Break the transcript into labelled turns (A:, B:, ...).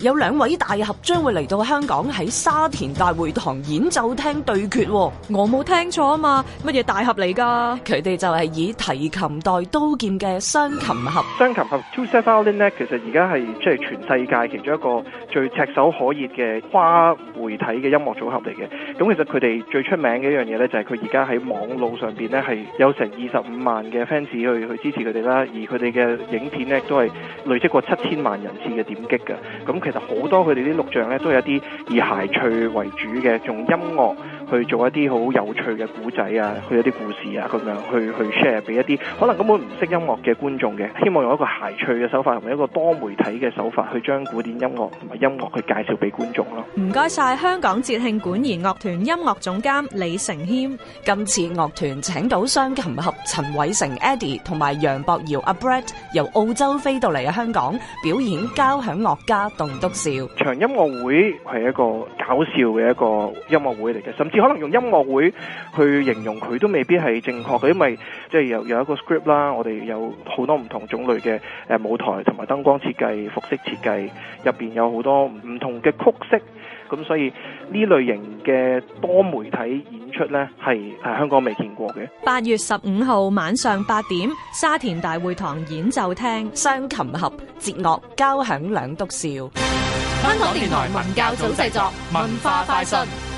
A: 有兩位大俠將會嚟到香港喺沙田大會堂演奏廳對決。哦，我冇聽錯啊嘛？乜嘢大俠嚟㗎？佢哋就係以提琴代刀劍嘅雙琴俠。雙琴俠
B: TwoSet Violin 咧，其實而家係即係全世界其中一個最炙手可熱嘅跨媒體嘅音樂組合嚟嘅。咁其實佢哋最出名嘅一樣嘢咧，就係佢而家喺網路上面咧係有成二十五萬嘅 fans 去去支持佢哋啦。而佢哋嘅影片咧都係累積過七千萬人次嘅點擊嘅。咁其實好多佢哋啲錄像咧，都有一啲以諧趣為主嘅，用音樂去做一啲好有趣嘅故仔啊，去一啲故事啊咁樣去去 share 俾一啲可能根本唔識音樂嘅觀眾嘅，希望用一個諧趣嘅手法同埋一個多媒體嘅手法去將古典音樂同埋音樂去介紹俾觀眾咯。
A: 唔該晒，香港節慶管弦樂團音樂總監李成謙，今次樂團請到雙琴俠陳偉成 Eddie 同埋楊博瑤阿 Brett 由澳洲飛到嚟嘅香港表演交響樂家動。搞笑
B: 場音樂會係一個搞笑嘅一個音樂會嚟嘅，甚至可能用音樂會去形容佢都未必係正確嘅，因為即係有有一個 script 啦，我哋有好多唔同種類嘅誒舞台同埋燈光設計、服飾設計，入邊有好多唔同嘅曲式，咁所以呢類型嘅多媒體演.出咧係係香港未見過嘅。
A: 八月十五號晚上八點，沙田大會堂演奏廳，雙琴合節樂交響兩篤笑。香港電台文教組製作文化快訊。